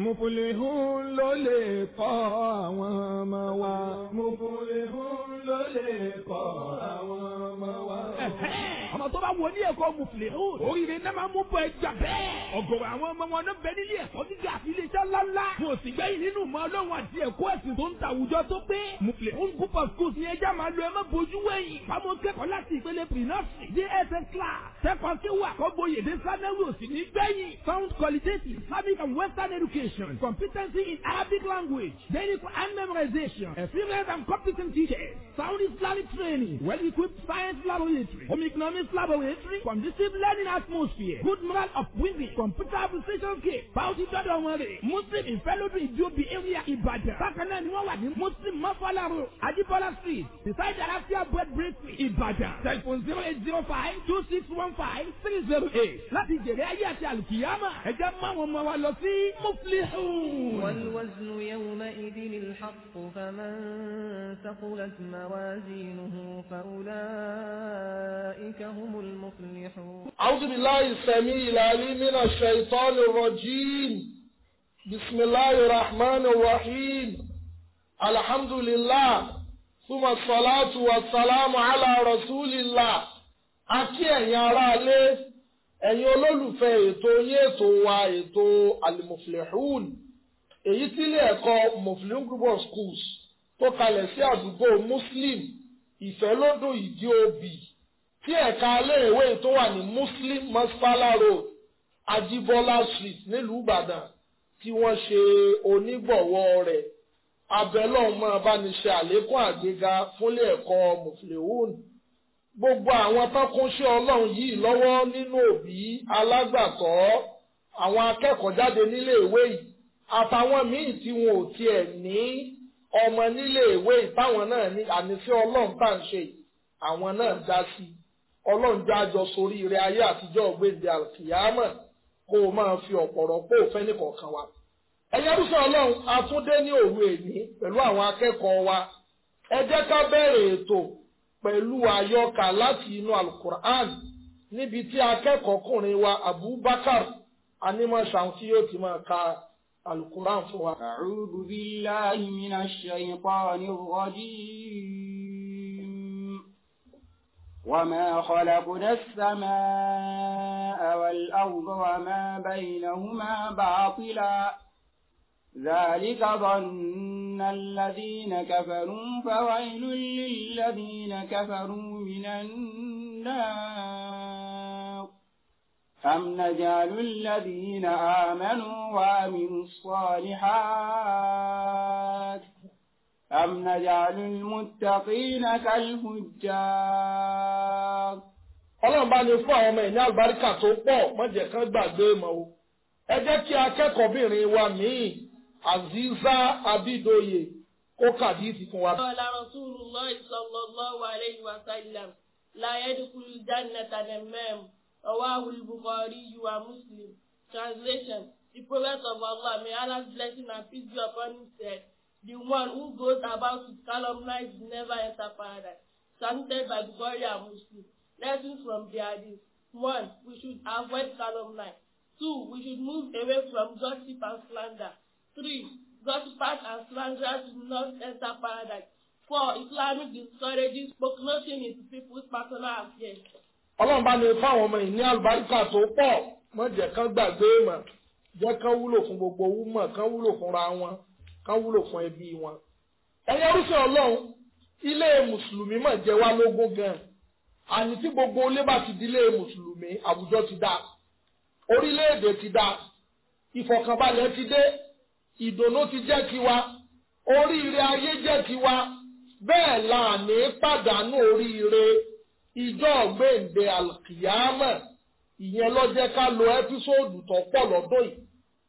Mùfúlihún ló lè kọ́ ọmọ wa. Mùfúlihún ló lè kọ́ àwọn ọmọ wa. ọmọ tó bá wọ ní ẹ̀kọ́ mufle hood. oríire náà máa mú bọ ẹja bẹ́ẹ̀. ọ̀gọ̀rọ̀ àwọn ọmọ wọn náà bẹ nílé ẹ̀kọ́ gíga àti iléeṣẹ́ ńláńlá. mo sì gbẹ́yìn nínú ìmọ̀ ọlọ́run àti ẹ̀kọ́ ẹ̀sìn tó ń ta àwùjọ tó pé. mufle hood group of schools ni ẹja máa lo ẹ bojú wẹ̀yìn. bámu kẹ́kọ̀ọ́ láti ìpele pre education competency in Arabic language daily memorization experience and competent teachers sound Islamic training, well-equipped science laboratory, home economics laboratory, conducive learning atmosphere, good moral of women, computer application kit, bounty dọ́dọ̀ wọn rè. Muslim ìfẹ́lódún ìdíòbí area Ìbàdàn. Bákan náà ni wọ́n wà ní Muslim Mafala Road, Adibola Street, beside the Alafia Bread Bakery, Ìbàdàn. Telephone zero eight zero five two six one five three zero eight. Láti jèrè ayé àti àlùkìyámà, ẹ máwọn ọmọ wa lọ sí Muflihu. Wal waznu yawma idhin al-haqq faman thaqulat ma موازينه فأولئك هم المفلحون أعوذ بالله السميع العليم من الشيطان الرجيم بسم الله الرحمن الرحيم الحمد لله ثم الصلاة والسلام على رسول الله Akí ẹ̀yin aráalé, ẹ̀yin olólùfẹ́ ètò yín ètò wa ètò al èyí tí ilé ẹ̀kọ́ Muflihun Group of Schools tó kalẹ̀ sí àdúgbò muslim ìfẹ́lódùn ìdí òbí tí ẹ̀ka iléèwé tó wà ní muslim masfala road ajibola street nílùú ìbàdàn tí wọ́n ṣe onígbọ̀wọ́ rẹ̀ abẹ́lọ́ọ̀ máa bá ní ṣe àlékún àgbéga fúnlé ẹ̀kọ́ muflehun gbogbo àwọn tọkúnṣẹ́ ọlọ́run yìí lọ́wọ́ nínú òbí alágbàtọ́ àwọn akẹ́kọ̀ọ́ jáde níléèwé yìí àtàwọn míì tí wọn ò tiẹ̀ ní ọmọ nílé ìwé ìbáwọn náà ní ànífẹ́ ọlọ́run bá ń ṣe àwọn náà dá sí ọlọ́run já jọ sórí ire ayé àtijọ́ ògbéǹde àkìyámọ̀ kó o máa fi ọ̀pọ̀rọ̀ pé òfẹ́ nìkọ̀ọ̀kan wa. ẹ̀yẹ́ rúṣọ ọlọ́run atúndé ní òru èní pẹ̀lú àwọn akẹ́kọ̀ọ́ wa ẹ jẹ́ ká bẹ̀rẹ̀ ètò pẹ̀lú àyọkà láti inú alukur'an níbi tí akẹ́kọ̀ọ́kùnrin wa Abubakar animashan yóò ti máa ka القرآن سورة أعوذ بالله من الشيطان الرجيم وما خلقنا السماء والأرض وما بينهما باطلا ذلك ظن الذين كفروا فويل للذين كفروا من النار أم نجعل الذين آمنوا وعملوا الصالحات أم نجعل المتقين كالفجار ọlọ́run bá ní fún àwọn ọmọ ẹ̀ ní àlùbáríkà tó pọ̀ mọ́jẹ̀ kan gbàgbé mọ́ o ẹ jẹ́ kí akẹ́kọ̀ọ́bìnrin wa míì aziza abidoye kó kàdí ìsìnkú wa. ọ̀la rasulullah sallallahu alayhi wa sallam la yadkhulu jannata namam. Rawahul Bukhari you are Muslim. Translation The Prophet of Allah, may Allah's blessing and peace be upon him, said, The one who goes about to calumnies never enter paradise. Chanted by Bukhari and Muslim. Lessons from the Hadith. One, we should avoid calumny. Two, we should move away from gossip and slander. Three, gossipers and slanderers do not enter paradise. Four, Islamic discourages spoke nothing into people's personal affairs ọlọ́run bá ní fáwọn ọmọ yìí ní àlùbáríkà tó pọ̀ mọ́ jẹ́ kán gbàgbé mọ̀ jẹ́ kán wúlò fún gbogbo owó mọ̀ kán wúlò fúnra wọn kán wúlò fún ẹbí wọn. ẹ̀yin oríṣi ọlọ́run ilé mùsùlùmí mọ̀ jẹ́ wá lógún gan-an àní tí gbogbo ilé bá ti di ilé mùsùlùmí àwùjọ ti dáa orílẹ̀-èdè ti dáa ìfọ̀kànbalẹ̀ ti dé ìdùnnú ti jẹ́ tiwa oríire ayé jẹ́ tiwa bẹ́ẹ̀ la ní pàdánù oríire ìjọ ọ̀gbẹ́ǹde alkiyama ìyẹn ló jẹ́ ká lo ẹ́písòdù tó pọ̀ lọ́dún yìí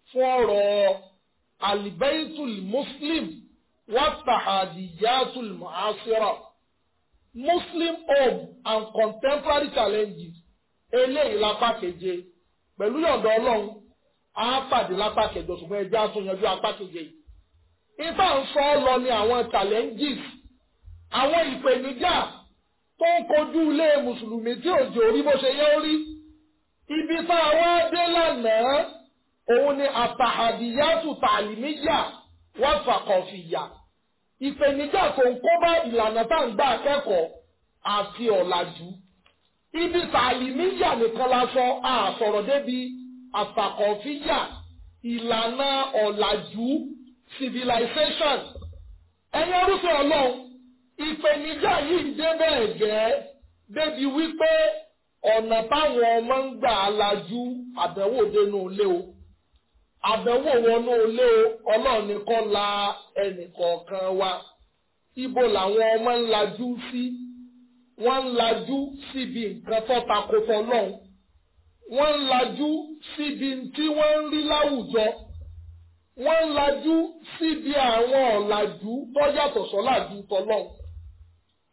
fún ọ̀rọ̀ alibaitul muslim wàtàhàdìyàtul mu'asira muslim home and contemporary challenges eléyìí lápá keje pẹ̀lú yọ̀ǹda ọlọ́run á pàdé lápá kẹjọ ṣùgbọ́n ẹjẹ́ á tún yanjú apá keje yìí ibà ń sọ ọ́ lọ ni àwọn challenges àwọn ìpèníjà tó ń kojú ilé mùsùlùmí tí òjò orí bó ṣe yẹ ó ibi tá a wá dé lánàá òun ni àtàhàdìyàtù tàlímíyà wà fàkọ̀fìyà ìpèníjà tó ń kó bá ìlànà tá à ń gbà akẹ́kọ̀ọ́ àti ọ̀làjú ibi tàlímíyà nìkan la sọ àsọ̀rọ̀ débi àtàkọ̀fìyà ìlànà ọ̀làjú civilization ẹ̀yin orúkọ ọlọ́run ìpèníjà yìí dé bẹ́ẹ̀ gẹ́ débi wípé ọ̀nà táwọn ọmọ ń gbà lajú àbẹ̀wò dénú ilé o àbẹ̀wò wọnú ilé o ọlọ́run nìkan la ẹnìkọ̀ọ̀kan wa ibo làwọn ọmọ ń lajú sí wọ́n ń lajú síbi nǹkan tó takotọ́ lọ́hùn wọ́n ń lajú síbi tí wọ́n ń rí láwùjọ wọ́n ń lajú síbi àwọn ọ̀làjú tó yàtọ̀ sọ́làjú tọ́lọ́hùn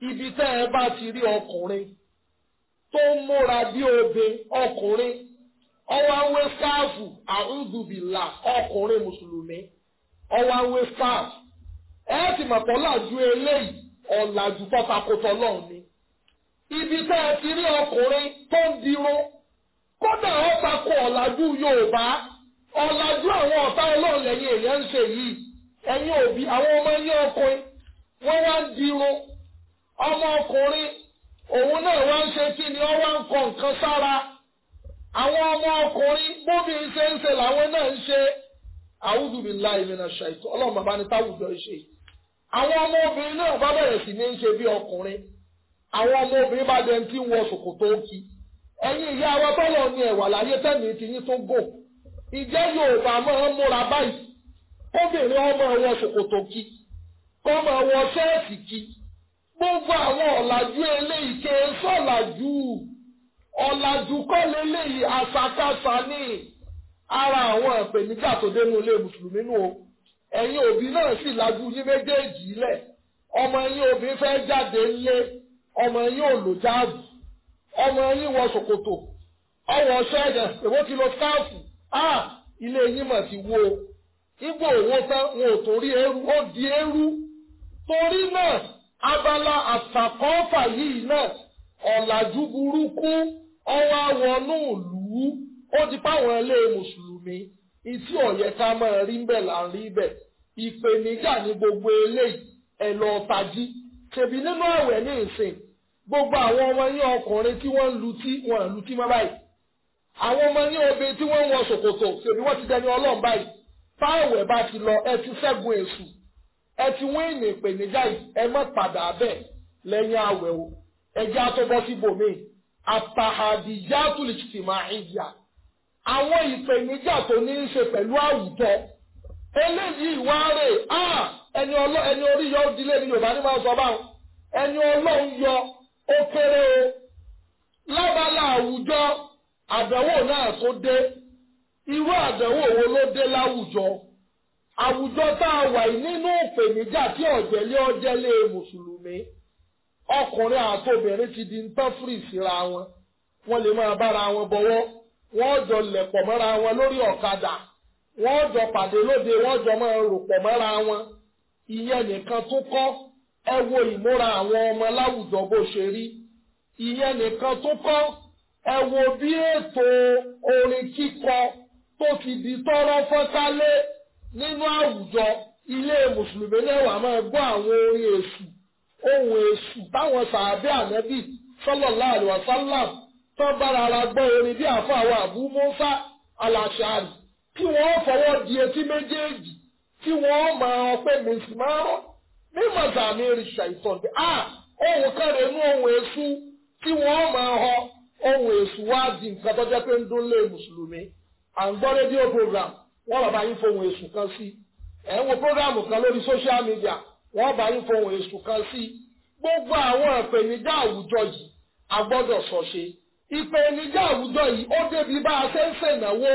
ibi tẹ́ ẹ bá ti rí ọkùnrin tó ń múra bí obe ọkùnrin ọwọ́ awé sáàfù àrùndùbìlà ọkùnrin mùsùlùmí ọwọ́ awé sáàfù ẹ ti mọ̀ pọ̀ láàjú eléyìí ọ̀làjú pátákótọ́ lọ́hùn ni ibi tẹ́ ẹ ti rí ọkùnrin tó ń dirun kódà ó takò ọ̀làjú Yorùbá ọ̀làjú àwọn ọ̀tá ọlọ́ọ̀lẹ́yìn èèyàn ń ṣe yìí ẹ̀yin òbí àwọn ọmọ yín ọkùnrin wọ́n wá ń dirun ọmọkùnrin òun náà wá ń ṣe kí ni ọ wá ń kọ nǹkan sára àwọn ọmọkùnrin bóbi ṣe ń ṣe làwọn náà ń ṣe àwùjùbìlá ìmìnà ṣàìtọ́ ọlọ́run bàbá ni táwùjọ ṣe àwọn ọmọ obìnrin náà bá bẹ̀rẹ̀ sí ní ṣe bí ọkùnrin àwọn ọmọ obìnrin bá dẹni tí ń wọ ṣòkòtò òkì ẹ̀yin ìyá wa bọ́lọ̀ ni ẹ̀wà láyé tẹ̀mí ti yín tó gò ìjẹ́ Yorùbá máa ń múra báyìí kóbìnrin ọmọ ẹ̀wọ̀ ṣòkòtò kí kọ́mọ ẹ̀wọ̀ ṣẹ́ẹ̀sì kí gbogbo àwọn ọ̀làjú eléyìí kì í sọ̀làjú ọ̀làjú kọ́ leléyìí àṣàkáṣà ní ara àwọn ìpèníjà tó dénú ilé mùsùlùmí nù o ẹ̀yin òbí náà sì lajú yín méjèèjì lẹ̀ ọmọ yín òbí fẹ́ jáde ńlé ọmọ yín ò lò jáàbù ọmọ yín wọ ṣòkòtò ọwọ́ ṣẹ́ẹ̀dẹ̀ èwo ti lo skáàfù á ilé yín mà ti wó o igbó tán wọn ò torí eérú ó di eérú torí náà abala àtàkọ́fà yìí náà ọ̀làjú burúkú ọwọ́ àwọnú ìlú ó ti páwọn ilé mùsùlùmí ìtí ọ̀yẹ́ ká máa rí ń bẹ̀ là ń rí bẹ̀ ìpèníjà ní gbogbo eléyìí ẹ̀ lọ́ọ́ tají tèbí nínú àwẹ̀ ní ìsìn gbogbo àwọn ọmọ yín ọkùnrin tí wọ́n ń lutí wọn ń lutí mọ́ báyìí àwọn ọmọ yín obe tí wọ́n ń wọ ṣòkòtò tèbí wọ́n ti dẹni ọlọ́run báyìí táwẹ̀ bá ti lọ ẹ ti ṣẹ́gun èṣù ẹ ti wọ́n ìnì ìpèníjà yìí ẹ má padà bẹ̀ lẹ́yìn àwẹ̀ o ẹjẹ́ àtọ́bọ́ sí bòmí àtàhàdìjà tùlìtì máa ń yà àwọn ìpèníjà tó ní í ṣe pẹ̀lú àwùjọ eléyìí wá rè á ẹni orí yọ òdílé ní Yorùbá ní máa sọ báwọn ẹni Ọlọ́run yọ ó kéré o lábala àwùjọ àdánwò náà tó dé irú àdánwò wo ló dé láwùjọ àwùjọ tá a wà nínú ìpèníjà tí ọ̀jẹ̀lẹ̀ ọ̀jẹ̀lẹ̀ mùsùlùmí ọkùnrin àtobìnrin ti di ntọ́fìrì síra wọn wọ́n lè máa bára wọn bọ̀wọ́ wọ́n jọ lẹ̀pọ̀ mọ́ra wọn lórí ọ̀kadà wọ́n jọ pàdé lóde wọ́n jọ máa rò pọ̀ wọn ìyẹn nìkan tó kọ́ ẹ wo ìmúra àwọn ọmọ láwùjọ bó ṣe rí ìyẹn nìkan tó kọ́ ẹ wo bí ètò orin kíkọ tó ti di tọ́rọ́ fọ́tálé nínú àwùjọ ilé mùsùlùmí náà wà máa gbọ́ àwọn orin èṣù ohun èṣù báwọn sàábẹ́ ànábì sallallahu alaihi wasallam tó bára ara gbọ́ orin bí àfọwọ́ àbú mọ́fà aláṣàárì tí wọ́n fọwọ́ di etí méjèèjì tí wọ́n máa pé mùsùlùmọ́ mímọ̀ sàmì ìrìṣà ìtọ́jú ah, à ohun kẹrin inú ohun èṣù tí wọ́n máa họ ohun èṣù wá di nǹkan tó jẹ́ pé ń dún lé mùsùlùmí à ń gbọ́ rédíò program wọ́n lọ bá yín fohùn èṣù kan sí ẹ̀ ń wo prógrámù kan lórí social media wọ́n bá yín fohùn èṣù kan sí gbogbo àwọn ìpèníjà àwùjọ yìí a gbọ́dọ̀ sọ ṣe ìpèníjà àwùjọ yìí ó débi bá a ṣe ń ṣènáwó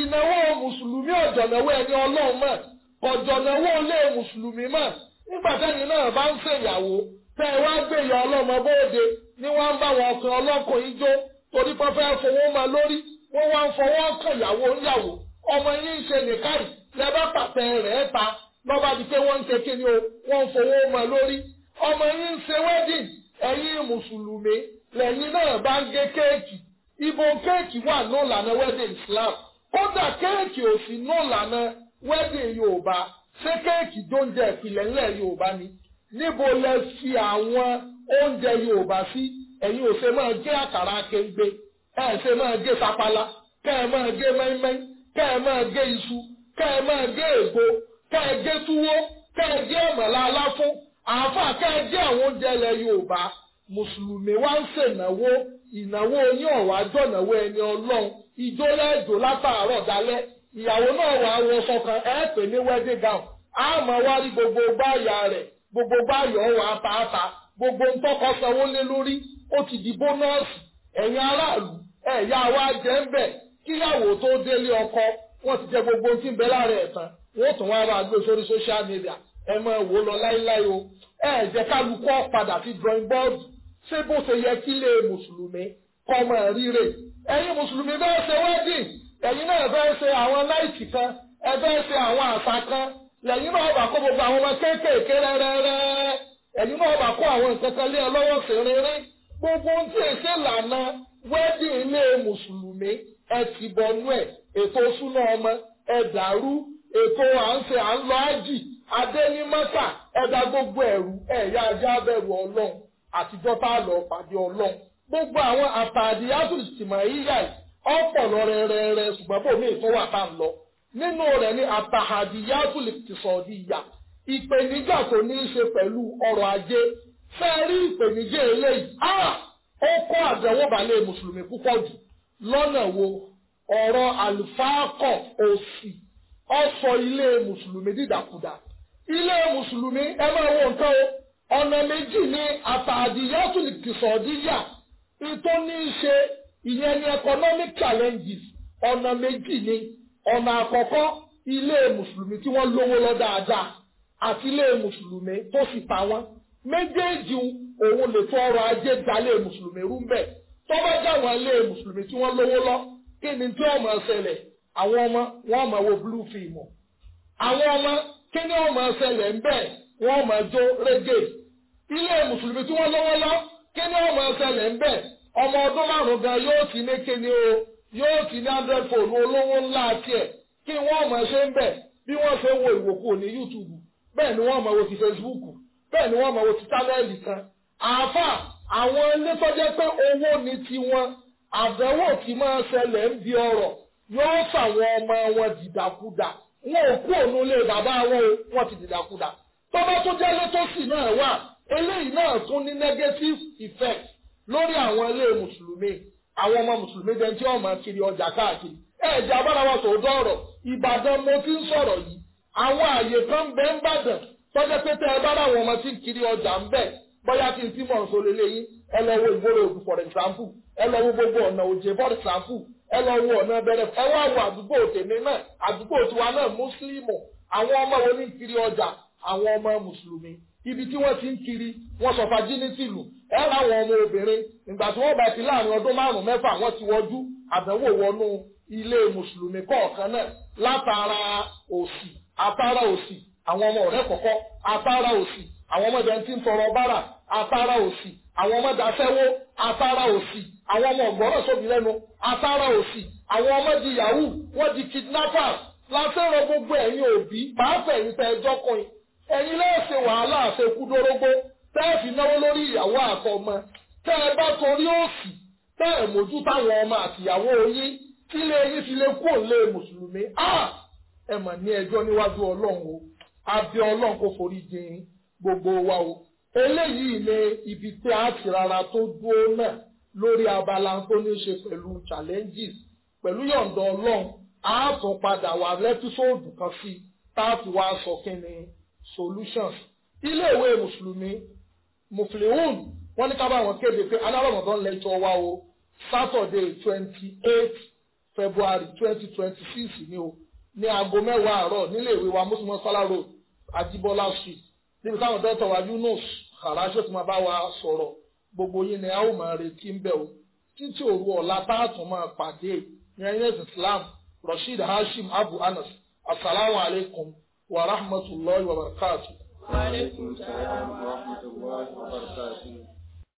ìnáwó mùsùlùmí ọ̀jọ̀náwó ẹni ọlọ́run mọ̀ ọ̀jọ̀náwó ilé mùsùlùmí mọ̀ nígbà tẹ́ni náà bá ń ṣèyàwó tẹ́ ẹ wá gbé ìyá ọlọ́mọ bóde ni wọ́n ń bá wọn ọkàn ọlọ́kùnrin jó torí pé fẹ́ fowó ma lórí wọ́n wá ń fọwọ́ kàn ìyàwó ńyàwó ọmọ yín ń ṣe nìkáì lẹ́bá pàtẹ rẹ̀ ta lọ́ba di pé wọ́n ń ṣe kíni o wọ́n ń fowó mọ lórí ọmọ yín ń ṣe wedding ẹ̀yin mùsùlùmí lẹ́yìn náà bá ń gé kéèkì ibo kéèkì wà ní ìlànà wedding Islam kódà kéèkì ò sí ní ìlànà wedding Yorùbá ṣé kéèkì jóúnjẹ ìpìlẹ̀ ńlẹ̀ Yorùbá ni níbo lẹ fi àwọn oúnjẹ Yorùbá sí ẹ̀yin ò ṣe máa gé àkàrà kéńgbé ẹ̀ ṣe máa gé sapala kẹ́ ẹ máa gé mẹ́mẹ́ kẹ́ ẹ máa gé iṣu kẹ́ ẹ máa gé ègbò kẹ́ ẹ gé túwó kẹ́ ẹ gé àmàlà aláfún àáfàá kẹ́ ẹ gé àwọn oúnjẹ ilẹ̀ yorùbá mùsùlùmí wá ń ṣènáwó ìnáwó yín ọ̀wá jọ̀nàwó ẹni ọlọ́run ìjó lẹ́ẹ̀dó látàárọ̀ dalẹ́ ìyàwó náà wà á wọṣọ kan ẹ pè ní wedding gown á máa wá rí gbogbo gbáàyà rẹ̀ gbogbo gbáàyà ọ̀wà àtàtà gbogbo ntọ́kọ sanwó lé lórí ó ti di bónọ́ọ̀sì ẹ̀yin aráàlú ẹ̀yà wa jẹ́ ń bẹ̀ kíyàwó tó délé ọkọ wọ́n ti jẹ gbogbo tí ń bẹ láàrin ẹ̀tàn wọ́n tún wá máa gbé sórí social media ẹ mọ ìwò lọ láíláí o ẹ jẹ́ kálukọ́ padà sí drawing board ṣé bó ṣe yẹ kí lè mùsùlùmí kọ́mọ ríre ẹ̀yin mùsùlùmí bẹ́ẹ̀ ṣe wedding ẹ̀yin náà bẹ́ẹ̀ ṣe àwọn láìkì kan ẹ bẹ́ẹ̀ ṣe àwọn àṣà kan lẹ́yìn náà bá kó gbogbo àwọn ọmọ kéékèèké rẹ́rẹ́rẹ́ ẹ̀yin náà bá kó àwọn nǹkan kan lé ẹ lọ́wọ́ sí rírí gbogbo ohun tí èsè lànà wedding ilé mùsùlùmí ẹ ti bọnú ẹ̀ ètò súná ọmọ ẹ dàrú ètò à ń ṣe à ń lọ ájì adé ní mọ́tà ẹ̀dá gbogbo ẹ̀rù ẹ̀yà ajá bẹ̀rù ọlọ́run àtijọ́ tá a lọ pàdé ọlọ́run gbogbo àwọn àtàdé yàtúntìmọ̀ yíyà ọ̀pọ̀ lọ rẹ̀rẹ̀rẹ̀ ṣùgbọ́n bò mí ìtọ́wà tá a lọ nínú rẹ̀ ní àtàdé yàtúntìsọ̀dìyà ìpèníjà tó ní í ṣe pẹ̀lú ọrọ̀ ajé fẹ́ẹ́ rí ìpèníjà eléyìí ah! ó kó àdánwò balẹ̀ mùsùlùmí púpọ̀ jù lọ́nà wo ọ̀rọ̀ àlùfáàkọ̀ òsì ọ̀sọ̀ ilé mùsùlùmí dìdàkudà ilé mùsùlùmí ẹ máa wo nǹkan o ọ̀nà méjì ni àtàdìyàtò ìtìsọ̀díyà ìtò ní í ṣe ìyẹn ni economic challenges ọ̀nà méjì ni ọ̀nà àkọ́kọ́ ilé mùsùlùmí tí wọ́n lówó lọ dáadáa àti ilé mùsùlùmí tó sì pa wọ́n méjèèjì òun lè tó ọrọ̀ ajé dalé mùsùlùmí rú mbẹ́ tó bá jáwọn ilé mùsùlùmí tí wọ́n lówó lọ kí ni tí ọmọ ṣẹlẹ̀ àwọn ọmọ wọn máa wo blue film àwọn ọmọ kí ni ọmọ ṣẹlẹ̀ ń bẹ̀ wọ́n máa jó reggae ilé mùsùlùmí tí wọ́n lówó lọ kí ni ọmọ ṣẹlẹ̀ ń bẹ̀ ọmọ ọdún márùn-ún gan yóò ti ní ni o yóò ti ní hundred fold olówó ńlá tiẹ̀ kí wọ́n máa ṣe ń bẹ̀ bí wọ́n ṣe wo ìwòkú ní YouTube bẹ́ẹ̀ ni wọ́n máa wo ti Facebook bẹ́ẹ̀ ni wọ́n máa wo ti tálẹ́ẹ̀lì kan àáfàá àwọn ilé tó jẹ́ pé owó ni tiwọn àdánwò tí máa ṣẹlẹ̀ ń di ọ̀rọ̀ yóò fàwọn ọmọ wọn dìdàkudà wọn ò kú òun lé bàbá wọn o wọn ti dìdàkudà tó bá tó jẹ́ létòsí náà wà eléyìí náà tún ní negative effect lórí àwọn ilé mùsùlùmí àwọn ọmọ mùsùlùmí jẹ́ tí wọ́n máa kiri ọjà káàkiri ẹ̀ẹ́dì abárawa tó dọ̀rọ̀ ìbàdàn mo ti ń sọ̀rọ̀ yìí àwọn àyè kan bẹ́ẹ̀ ń bàdàn tọ́jọ́ pé tẹ́ ẹ bá ń kiri ọjà ń bẹ̀ bóyá kí n tí mọ̀ nsọ lélẹ̀ yín ẹ lọ wo ìgboro ògùn for example ẹ lọ wo gbogbo ọ̀nà òjè for example ẹ lọ wo ọ̀nà bẹ̀rẹ̀ ẹ wá wo àdúgbò tèmi náà àdúgbò tiwa náà mùsùlùmù àwọn ọmọ wo ní kiri ọjà àwọn ọmọ mùsùlùmí ibi tí wọ́n ti ń kiri wọ́n sọ fagility lù ẹ láwọn ọmọ obìnrin ìgbà tí wọ́n bá ti láàrin ọdún márùn-ún mẹ́fà wọ́n ti wọjú àbẹ̀wò wọnú ilé mùsùlùmí kọ̀ọ̀kan náà látara òsì àtara òsì àwọn ọmọ ọ̀rẹ́ kọ̀ọ̀kan àtara òsì àwọn ọmọdé ti ń tọrọ bára afárá òsì àwọn ọmọdé afẹ́wó atara òsì àwọn ọmọ ọ̀gbọ́rọ̀ sóbi lẹ́nu afárá òsì àwọn ọmọdé yahoo wọ́n di kidnapper lásẹ̀rọ̀ gbogbo ẹ̀yin òbí pàápàá ẹ̀yin tẹ́ ẹjọ́ kan ẹ̀yin lẹ́ẹ̀ṣẹ̀ wàhálà àfẹkúdórógbó tẹ́ ẹ fi náwó lórí ìyàwó àtọmọ tẹ́ ẹ bá torí òsì tẹ́ ẹ mójú táwọn ọmọ àtìyàwó yín kí lè yín fi lè kúrò lé mùsùlùmí ah! ẹ mà ní ẹjọ́ níwájú ọlọ́run o abẹ́ ọlọ́run kò forí jìn gbogbo wa o eléyìí ni ibi tí a ti rárá tó dúró náà lórí abala tó ní ṣe pẹ̀lú challenges pẹ̀lú yọ̀ǹda ọlọ́run a tún padà wà lẹ́písòòdù kan sí táàtì wa sọ kí ni solutions iléèwé mùsùlùmí muflihun wọ́n ní ká bá wọn kéde pé alárọ̀mọ̀dán lẹ́jọ́ wa o saturday twenty eight february twenty twenty six ni o ní aago mẹ́wàá àárọ̀ níléèwé wa mùsùlùmí sálárò àjíbọ́lá street níbi táwọn dọ́tọ̀ wa Yunus kàràṣẹ́ tó máa bá wa sọ̀rọ̀ gbogbo yín ni a ó máa retí ń bẹ̀ o títí òru ọ̀la táàtún máa pàdé yẹnyẹn Islam Rasheed Hashim Abu Anas asalaamu alaykum wa rahmatulahi wa barakatu. wa aleykum salaam wa rahmatulahi wa barakatu.